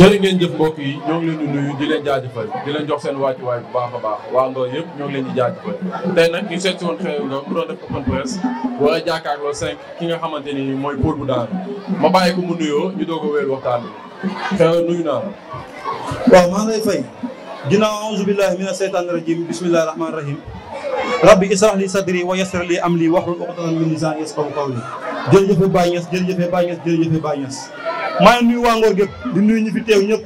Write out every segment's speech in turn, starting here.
jërë ngeen jëf mbokk yi ñoo ngi leen di nuyu di leen jaajëfal di leen jox seen wàccuwaay bu baax a baax waa Ngor yëpp ñoo ngi leen di jaajëfal tey nag ñu seet si woon xew Ngor mu doon def open ki nga xamante ni mooy Paul bu Daanu ma bàyyi ko mu nuyoo ñu doo a wéyal waxtaan bi xew nuyu naa la. waaw maa ngi lay fay ginnaaw aouzu billahi mina seytaani rajim bismillahi rahmaani rahim rabbi israh li sadri wa yassir li amri wahlul uqdatan min lisaani yafqahu qawli jërëjëfe Baay Ñas jërëjëfe Baay Ñas jërëjëfe Baay Ñas maa ngi nuyu waa gépp di nuyu ñi fi teew ñëpp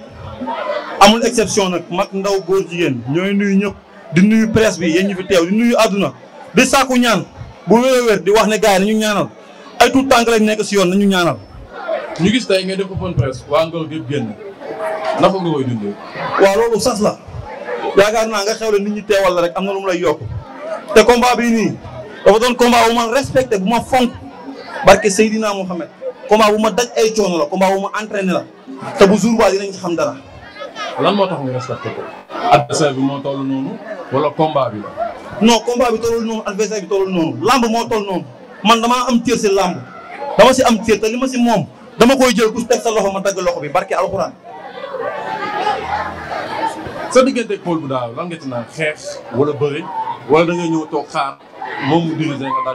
amul exception nag mag ndaw góor jigéen ñooy nuyu ñëpp di nuyu presse bi yéen ñi fi teew di nuyu àdduna di sàkku ñaan bu wér wér di wax ne gars yi nañu ñaanal ay tuut tànk nekk si yoon nañu ñaanal. ñu gis tey nga def open presse waa Ngor gépp génn naka nga koy dundee. waaw loolu sas la yaakaar naa nga xewle ni ñi teewal la rek am na lu mu lay yokk te combat bii nii dafa doon combat bu ma respecté bu ma fonk barke combat bu ma daj ay coono la combat bu ma entraîné la te bu jour ba dinañ xam dara. lan moo tax nga respecté ko. adversaire bi moo toll noonu wala combat bi la. non combat bi tollul noonu adversaire bi tollul noonu lamb moo toll noonu man damaa am cër si lamb dama si am cër te li ma si moom dama koy jël ku teg sa loxo ma dagg loxo bi barke alxuraan. sa diggante Paul bu daaw lan nga ci naan xeex wala bëri wala da nga ñëw toog xaar moom mu dirigé nga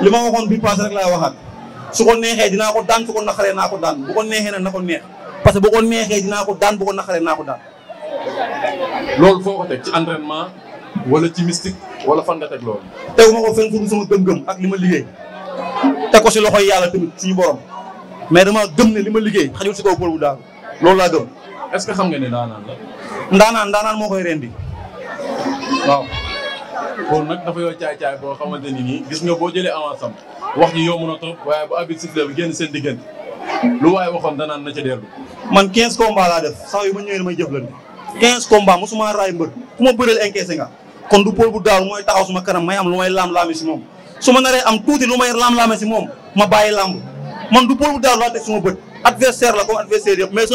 li ma waxoon bi passé rek laay waxaat. su ko neexee dinaa ko daan su ko naxaree naa ko daan bu ko neexee nag na ko neex parce que bu ko neexee dinaa ko daan bu ko naxaree naa ko daan. loolu foo ko teg ci entraînement wala ci mystique wala fan nga teg loolu. tegu ma ko fenn fu sama gëm-gëm ak li ma liggéey teg ko si loxo yàlla tamit suñu borom mais dama gëm ne li ma liggéey xajul si kaw pël bu daal loolu laa gëm. est-ce que xam nga ne daanaan la. ndaanaan ndaanaan moo koy rendi waaw. loolu nag dafa yoo caay-caay boo xamante ni nii gis nga boo jëlee avance am wax ji yomb na waaye bu abit sifflet bi génn seen diggante lu waaye waxoon danaan na ca man 15 combats laa def saa yu ma ñëwee damay jëflante 15 combats mosuma raay mbër ku ma bëreel encaissé nga kon du Paul bu Daaru mooy taxaw suma kanam may am lu may laam-laame si moom su ma am tuuti lu may laam-laame si moom ma bàyyi làmb man du Paul bu Daaru la comme adversaire yëpp mais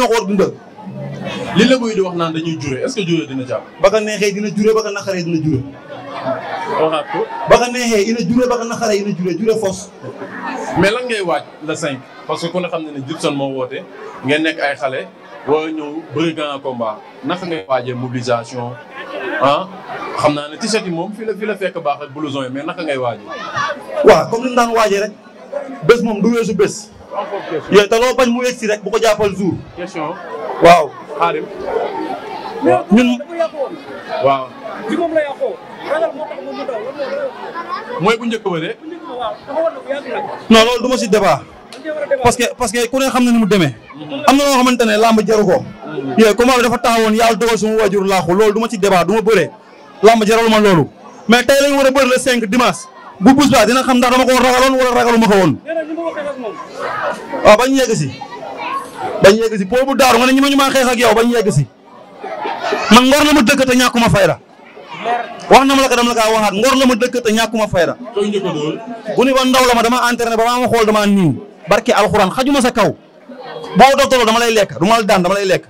a a li la muy di wax naan dañuy jure est-ce que jure dina ba ka neexee dina jure ba ka naqaree dina jure. waxaat ko. ba jure ba mais lan ngay waaj la cinq parce que ku ne xam ne ne Djibson moo woote ngeen nekk ay xale war a ñëw bëri grand combat naka ngay waajee mobilisation ah xam naa ne t-shirt yi moom fii la fi la fekk baax ak blouson yi mais naka ngay waajee. waaw comme ni mu daan waajee rek bés moom du weesu bés. yooyu te loo bañ mu yegg si rek bu ko jàppal jour. question waaw. xaarim waaw ñun ci moom bu njëkk ba de non ma si débat parce que parce que ku ne xam ne nu mu demee am na loo xamante ne làmb jaru ko yooyu combat bi dafa taxawoon yàlla dogal suma waajur laaxu loolu du ma ci débat du ma bëree làmb jaral ma loolu mais tey lañ war a bëri le cinq dimanche bu bus ba dina xam ndax dama ko ragaloon wala ragalu ma ko woon waaw bañ yegg bañ yegg si boobu daaru nga ne ñi ma ñu maa xeex ak yow bañ yegg si ngor na ma dëkk te ñàkkuma fayda wax na ma la ko dama la kaa waxaat ngor na ma dëkk te ñàkkuma fayda bu ni ba ndaw la ma dama entraîné ba maa ma xool dama nii barke alxuraan xajuma sa kaw boo dootoo dama lay lekk du ma daan dama lay lekk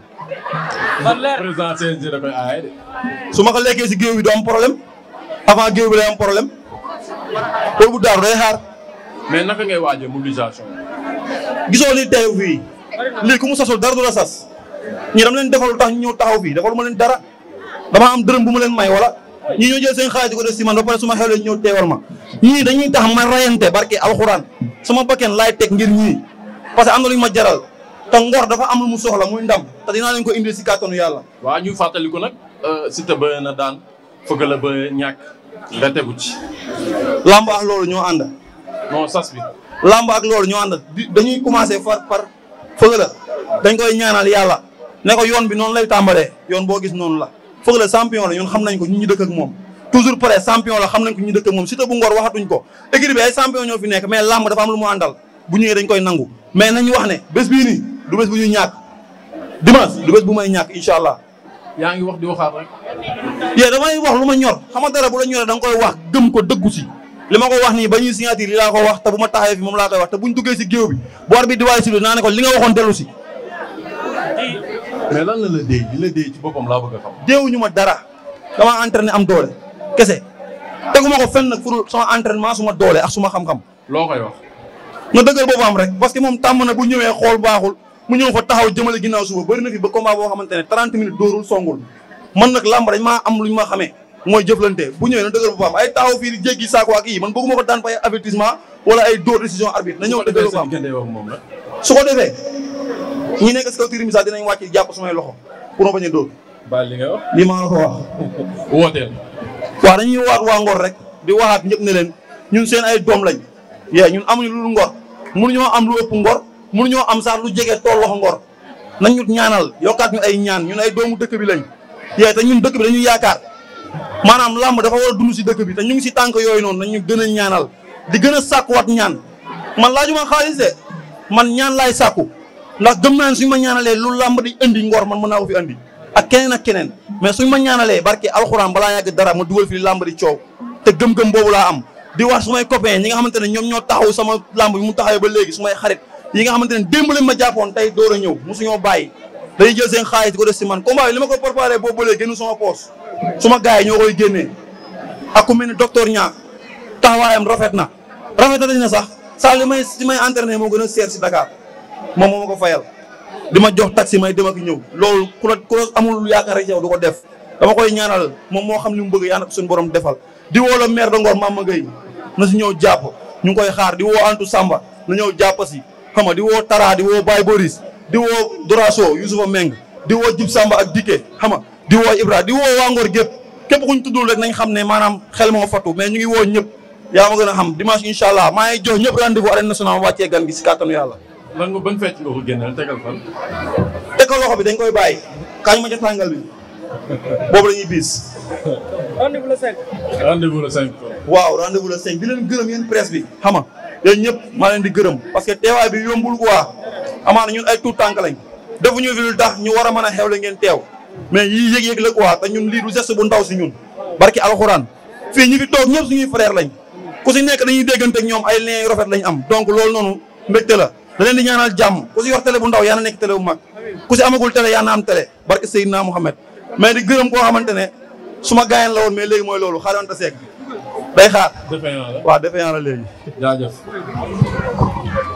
président CNG da koy aaye de su ma ko lekkee si géew bi du am problème avant géew bi day am problème boobu daaru day xaar mais naka ngay waajee mobilisation gisoo ni teew fii lii ku mu sasul dara du la sas ñi dama leen defal tax ñu ñëw taxaw fii defal ma leen dara damaa am dërëm bu ma leen may wala ñi ñoo jël seen xaalis di ko def si man ba pare su ma xewlee ñëw teewal ma ñii tax ma rayante barke alxuraan sama bakken laay teg ngir ñii parce que am na lu ñu ma jaral te ngor dafa am lu mu soxla muy ndam te dinaa leen ko indil si kàttanu yàlla. waaw ñu fàttali ko nag euh, Siteu ba na daan fëgg la ba ñàkk la tegu ci. làmb ak loolu ñoo ànd. non loolu ñoo ànd dañuy commencé Feugeuleu dañ koy ñaanal yàlla ne ko yoon bi noonu lay tàmbalee yoon boo gis noonu la Feugeuleu champion la ñun xam nañ ko ñu ñu dëkk moom toujours prêt champion la xam nañ ko ñu dëkk ak moom Siteu bu a waxatuñ ko équipe bi ay champion fi nekk mais làmb dafa am lu mu àndal bu ñëwee dañ koy nangu mais nañu wax ne bés bii nii du bés bu ñuy ñàkk dimanche du bés bu may ñàkk incha allah yaa ngi wax di waxaat rek yéen damay wax lu ma ñor xama dara bu la ñoree da koy wax gëm ko dëggu si li ma ko wax nii ba ñuy signature li laa ko wax te bu ma taxawee fi moom laa koy wax te buñ duggee si géew bi bu war bi di si lu naa ne lan la la bi la déy laa bëgg a déewuñu ma dara damaa entraîné am doole kese tegu ma ko fenn nag pour sama entraînement suma doole ak suma xam-xam. loo koy wax. na dëggal boppam rek parce que moom tàmm na bu ñëwee xool baaxul mu ñëw fa taxaw jëmale ginnaaw suba bëri na fi ba combat boo xamante ne 30 minutes dóorul songul man nag làmb dañ maa am lu ñu ma xamee mooy jëflante bu ñëwee na dëgër bu faam ay taaw fii jéggi saako ak yi man bëgguma ko daan fay avertissement wala ay dóor décision arbitre na ñëw dëgër bu faam su ko defee ñi nekk si kaw tribune sax dinañ wàcc jàpp sumay loxo pour ma bañ a dóor baal li nga wax li maa la ko wax wooteel waaw rek di waxaat ne leen ñun seen ay doom lañ yee ñun amuñu lu ngor mënuñoo am lu ëpp ngor mënuñoo am sax jege tool loxo ngor nañ ñu ñaanal yokkaat ñu ay ñaan ñun ay doomu dëkk bi lañ yee te ñun dëkk bi dañu yaakaar maanaam làmb dafa war a dund si dëkk bi te ñu ngi si tànk yooyu noonu nañu gën a ñaanal di gën a sàkkuwaat ñaan man laajuma xaalis de man ñaan laay sàkku ndax gëm naa ne ma ñaanalee lu làmb di indi ngor man mën naa ko fi indi ak keneen ak keneen su suñu ma ñaanalee barke alxuraan balaa yàgg dara ma duwal fi làmb di coow te gëm-gëm boobu laa am di wax may copain ñi nga xamante ne ñoom ñoo taxawu sama làmb bi mu taxawee ba léegi sumay xarit yi nga xamante ne démb lañ ma jàppoon tey door a ñëw mosuñoo bàyyi dañuy jël seen xaalis di ko def si man combat bi li ma ko préparé boobu ba léegi génn sama poos suma gars yi ñoo koy génnee ak ku mel ni docteur Niang taxawaayam rafet na rafet na dañ sax saa may li may entraîné moo gën a seer si Dakar moom moo ma ko fayal di ma jox taxi may dem ak ñëw loolu ku la amul yaakaar rek yow du ko def dama koy ñaanal moom moo xam li mu bëgg yàlla na ko suñu defal di woo la maire de Ngor Mama si ñëw jàpp ñu ngi koy xaar di woo antu Samba na ñëw jàpp si xam nga di woo taraa di woo baay Boris di woo Doraso Youssoufa Meng di woo Jib Samba ak Dike xama di woo Ibra di woo waa Ngor gépp képp ku ñu tuddul rek nañ xam ne maanaam xel moo fattu mais ñu ngi woo ñëpp yaa ma gën a xam dimanche incha allah maa ngi jox ñëpp rendez-vous arène nationale wàccee gan gi si ko loxo bi dañ koy bàyyi. kañ ma ca tàngal bi boobu la ñuy bis. rendez-vous le 5. rendez waaw rendez-vous le 5 di leen gërëm yéen presse bi xam nga yéen ñëpp maa leen di gërëm parce que teewaay bi yombul waa amaana ñun ay tuut tànk lañ defuñu fi lu tax ñu war a mën a xewle ngeen teew mais yii yëg-yëg la quoi ñun lii du geste bu ndaw si ñun barki alxuraan fii ñu fi toog ñëpp suñuy frère lañ ku si nekk dañuy déggante ak ñoom ay lien yu rafet lañ am donc loolu noonu mbégte la da leen di ñaanal jàmm ku si yor télé bu ndaw yaa na nekk tele bu mag ku si amagul télé yaa na am télé barki Seydina Mouhamed mais di gërëm goo xamante ne suma gaayen lawoon woon léegi mooy loolu xaarante seeg day xaar waaw defe naa la léegi